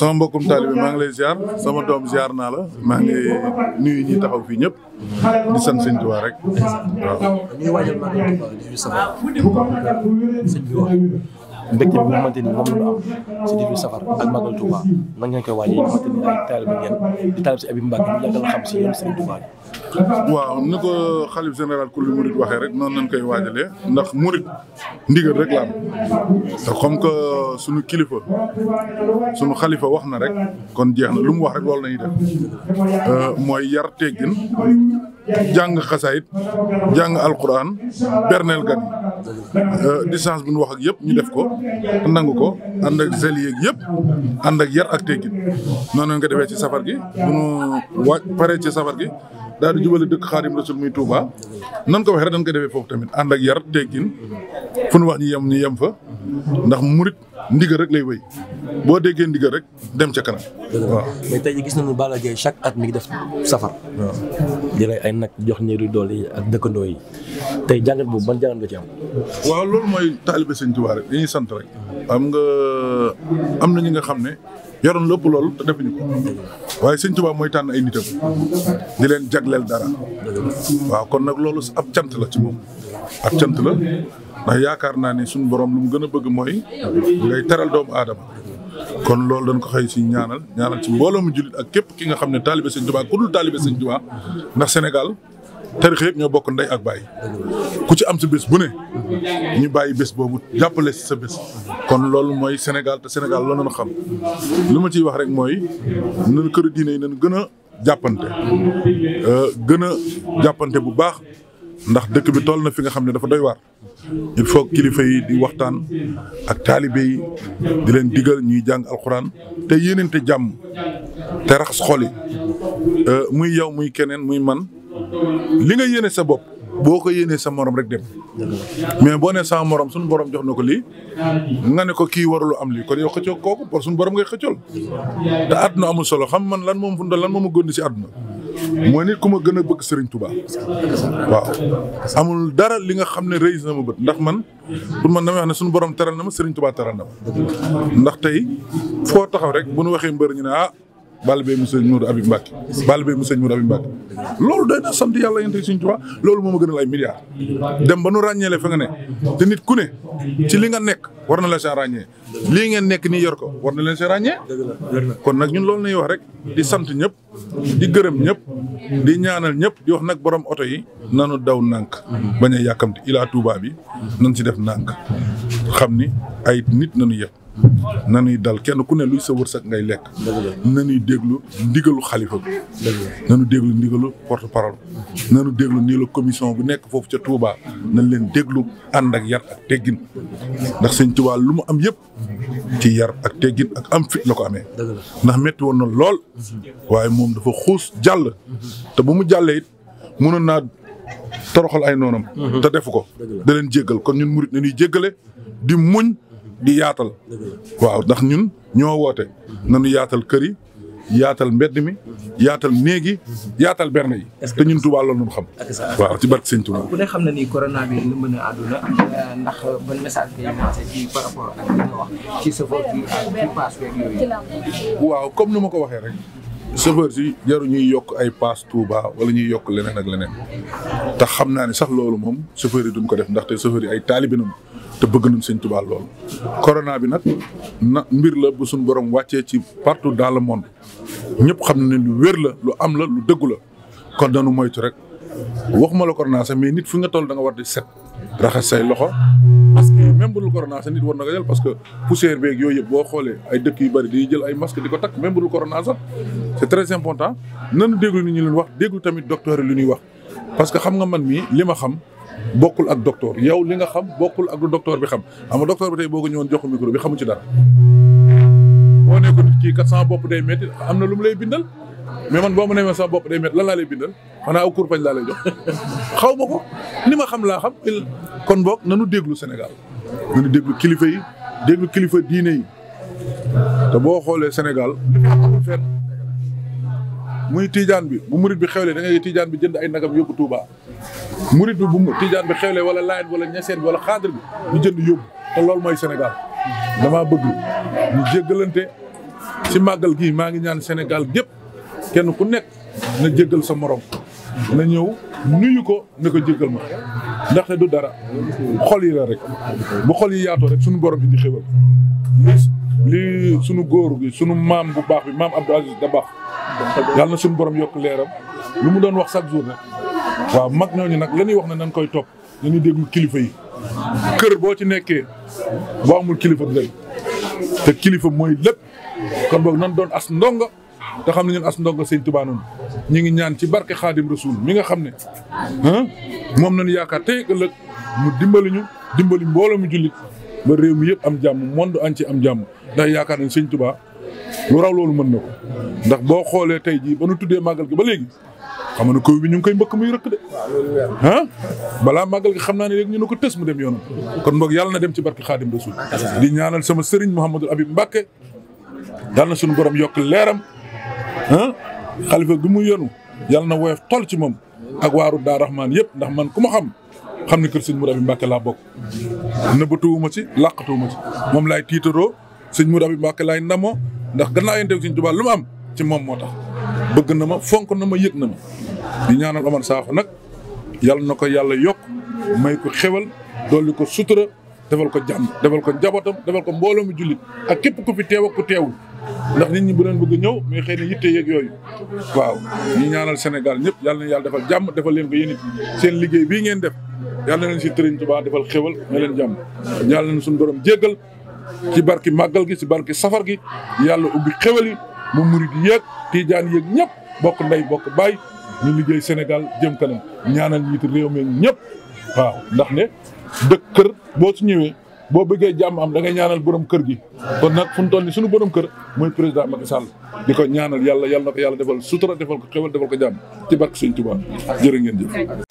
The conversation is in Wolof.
sama mbokkum taalibe maa ngi lay ziar sama doom ziar naa la maa ngi nuyu ñi taxaw fii ñëpp di sant sëñ Tuubaa rek mbégte bi nga xamante ni moom la am si diggu safar ak màggal Touba nan koy waajee xamante ni ay taalibe ngeen di taalibe si Habib xam si yoonu Serigne Touba bi waaw ni ko xalif général kulli murit waxe rek noonu lañ koy waajale ndax murit ndigal rek la am te que sunu kilifa sunu xalifa wax na rek kon jeex na lu mu wax rek loolu la ñuy euh, mooy yar teggin jàng xasaayit jàng alquran berneel gan Euh, distance bi nu wax ak yëpp ñu def ko nangu ko ànd ak zel yeeg yëpp ànd ak yar ak teggin noonu nga defee ci safar gi bu ñu waaj paree ci safar gi daal di jubale dëkk xaadim rasul muy Touba nan ko waxee rek dañ koy defee foofu tamit ànd ak yar teggin fu nu wax ñu yem yem fa ndax murit ndigal rek lay wéy boo déggee ndigal rek dem ca kanam. waaw mais tey gis nañu Balla Gaye chaque at mi ngi def safar. waaw di ay nag jox ñeeru doole ak dëkkandoo yi tey jàngat boobu ban jàngat ci am. waaw loolu mooy taalibe Sëñ Tuubaa rek dañuy sant rek. xam nga am na ñi nga xam ne yoroon lépp lool te defuñu ko. waaye sëñ Tuubaa mooy tànn ay nitam di leen jagleel dara waaw kon nag loolu ab cant la ci moom ab cant la ndax yaakaar naa ni suñu borom lu mu gën a bëgg mooy ngay teral doomu aadama kon loolu dañ ko xëy si ñaanal ñaanal ci mbooloo mu jullit ak képp ki nga xam ne taalibe sëñ Tuubaa ku dul taalibe sëñ Tuubaa ndax Sénégal tarix yëpp ñoo bokk ndey ak baay ku ci am sa bés bu ne ñu bàyyi bés boobu jàppale si sa bés kon loolu mooy Sénégal te Sénégal loolu nañu xam li ma ciy wax rek mooy nañu kër diine yi nañu gën a jàppante euh, gën a jàppante bu baax ndax dëkk bi tool na fi nga xam ne dafa doy waar il faut kilifa yi di waxtaan ak taalibe yi di leen digal ñuy jàng alxuraan te yéenente jàmm te raxas xol yi euh, muy yow muy keneen muy man li nga yéene sa bopp boo ko yéenee sa morom rek dem mais boo nee sa moroom suñu borom jox na ko lii nga ne ko kii warulu am lii kon yow xëccoo kooku pour suñu borom ngay xëccool te àdduna amul solo xam man lan moom fundal lan mooma góndi si àdduna mooy nit ku ma gën a bëgg Serigne Touba waaw amul dara li nga xam ne rëy na ma bët ndax man pour man dama wax ne suñu borom teral na ma Serigne Touba teral na ma ndax tey foo taxaw rek bu nu waxee mbër ñu ne ah Balla Beye mu sëñ Mourou Habib Mbacke Balla Beye mu sëñ Mourou Habib Mbacke loolu day na sant yàlla yente suñ tubaab loolu moo ma gënal ay milliards dem ba nu ràññeele fa nga ne te nit ku ne ci li nga nekk war na la sa ràññee lii ngeen nekk nii yor ko war na leen sa ràññee kon nag ñun loolu nañuy wax rek di sant ñëpp di gërëm ñëpp di ñaanal ñëpp di wax nag borom oto yi nanu daw nànk bañ a yàkkamti Ila Touba bi nañ ci def nànk xam ni ay nit nañu yëpp na ñuy dal kenn ku ne luy sa wërsëg ngay lekk. na ñuy déglu ndigalu xalifa bi. na nu déglu ndigalu porte parole. na ñu déglu nii la commission bu nekk foofu ca Touba. nañ leen déglu ànd ak yar ak teggin. ndax sëñ Touba lu mu am yëpp. ci yar ak teggin ak am fit la ko amee. ndax metti woon na lool. waaye moom dafa xuus jàll. te bu mu jàllee it mënoon naa toroxal ay noonam. te defu ko. da leen jéggal kon ñun murit na ñuy jéggale di muñ. di yaatal. waaw ndax ñun ñoo woote. na nañu yaatal kër yi. yaatal mbedd mi yaatal néeg yi yaatal berne yi. te ñun Touba loolu ñu xam. waaw ci barke Sëñ Touba. xam a àdduna euh, ci par rapport ak li nga wax ci chauffeur bi ak ci paas beeg yooyu. waaw comme nu ma ko waxee rek. chauffeur yi yaru ñuy yokk ay paas Touba wala ñuy yokk leneen ak leneen. te xam naa ne sax loolu moom chauffeur yi duñ ko def ndaxte chauffeur yi ay taalibe nañu te bëgg nañu sëñ Tuubaa lool. corona bi nag na mbir la bu suñ borom wàccee ci partout dans le monde ñëpp xam ne lu wér la lu am la lu dëggu la kon dañu moytu rek waxuma la corona sax mais nit fu nga toll da nga war di set. raxas say loxo parce que même bu dul corona sax nit war na ko jël parce que poussière beeg yooyu yëpp boo xoolee ay dëkk yu bëri dañuy jël ay masque di ko takk même bu dul corona sax c'est très important nanu déglu ni ñu leen wax déglu tamit docteur yi lu ñuy wax parce que xam nga man mii li ma xam. bokkul ak docteur yow li nga xam bokkul ak lu docteur bi xam xam nga docteur bi tey boo ko ñëwoon jox micro bi xamu ci dara. boo nekkoon kii kat sama bopp day métti am na lu mu lay bindal mais man boo ma nee sama bopp day métti lan laa lay bindal xanaa aw kurpañ laa lay ma ko ni ma xam laa xam kon boog nanu déglu Sénégal nanu déglu kilifa yi déglu kilifa diine yi te boo xoolee Sénégal muy tiijaan bi bu murit bi xew da ngay tiijaan bi jënd ay nagam yóbbu Touba. murit bi bu mu tiijaan bi xewlee wala laayeen wala ñaseen bi wala xaadir bi ñu jënd yóbbu te loolu mooy Sénégal damaa bëgg ñu jéggalante ci màggal gii maa ngi ñaan senegal gépp kenn ku nekk na jéggal sa morom na ñëw nuyu ko na ko jéggal ma ndaxte du dara xol yi la rek bu xol yi yaatoo rek suñu borom indi xéwal li sunu góor gi sunu maam bu baax bi maam Abdou Aziz da baax yàlla na suñu borom yokk leeram lu mu doon wax chaque jour nag waaw mag ñooñu nag la ñuy wax ne nañ koy toog nañu déglu kilifa yi kër boo ci nekkee boo amul kilifa du dem te kilifa mooy lépp kon boog nan doon as ndongo te xam ne as ndongo sëñ Tuubaa noonu ñu ngi ñaan ci barke Xaadim Rasuul mi nga xam ne moom nañu yaakaar tey ëllëg mu dimbali ñu dimbali mbooloo mu jullit ba réew mi yëpp am jàmm añ ci am jàmm ndax yaakaar nañ sëñ Tuubaa lu raw loolu mën na ko ndax boo xoolee tey jii ba nu tuddee màggal gi ba léegi xam nga ne kow bi ñu ngi koy mbëkk muy rëkk de ah balaa màggal gi xam naa ne léegi ñu ne ko tës mu dem yoonam kon boog yàlla na dem ci barke Xaadim Rasul di ñaanal sama sëriñ Mouhamadul Habib Mbacke dal na suñu borom yokk leeram ah xalifa bi mu yenu yàlla na woyof tol ci moom ak waaru daa rahmaan yëpp ndax man ku ma xam xam ne kër sëñ Mourabbi Mbacke laa bokk nëbbatuwuma ci làqatuwuma ci moom laay tiitaroo sëñ Mourabbi Mbacke laay ndamoo ndax ganna yéen tamit Sëñ Tuubaa lu ma am ci moom moo tax bëgg na ma fonk na ma yëg na ma di ñaanal Omar Sakho nag yàlla na ko yàlla yokk may ko xewal dolli ko sutura defal ko jam defal ko njabootam defal ko mbooloo mu jullit ak képp ku fi ku teewul ndax nit ñi bu doon bëgg ñëw mais xëy na yitte yeeg yooyu waaw ñu ñaanal Sénégal ñëpp yàlla na yàlla defal jàmm defal leen ko yéen it seen liggéey bii ngeen def yàlla na leen si Sëriñ Tuubaa defal xewal na leen jàmm yàlla ci barki màggal gi ci barki safar gi yàlla ubbi xéwal yi mu murid yéeg tiijaan yéeg ñëpp bokk ndey bokk baay ñu liggéey Sénégal jëm kanam ñaanal njiitu réew mi ñëpp waaw ndax ne dëkk kër boo ci ñëwee boo bëggee jàmm am da ngay ñaanal borom kër gi kon nag fu mu toll ni sunu borom kër mooy président Macky Sall di ko ñaanal yàlla yàlla yàlla defal sutura defal ko xewal defal ko jàmm ci barke Sëñ Tuubaa jërë ngeen jëf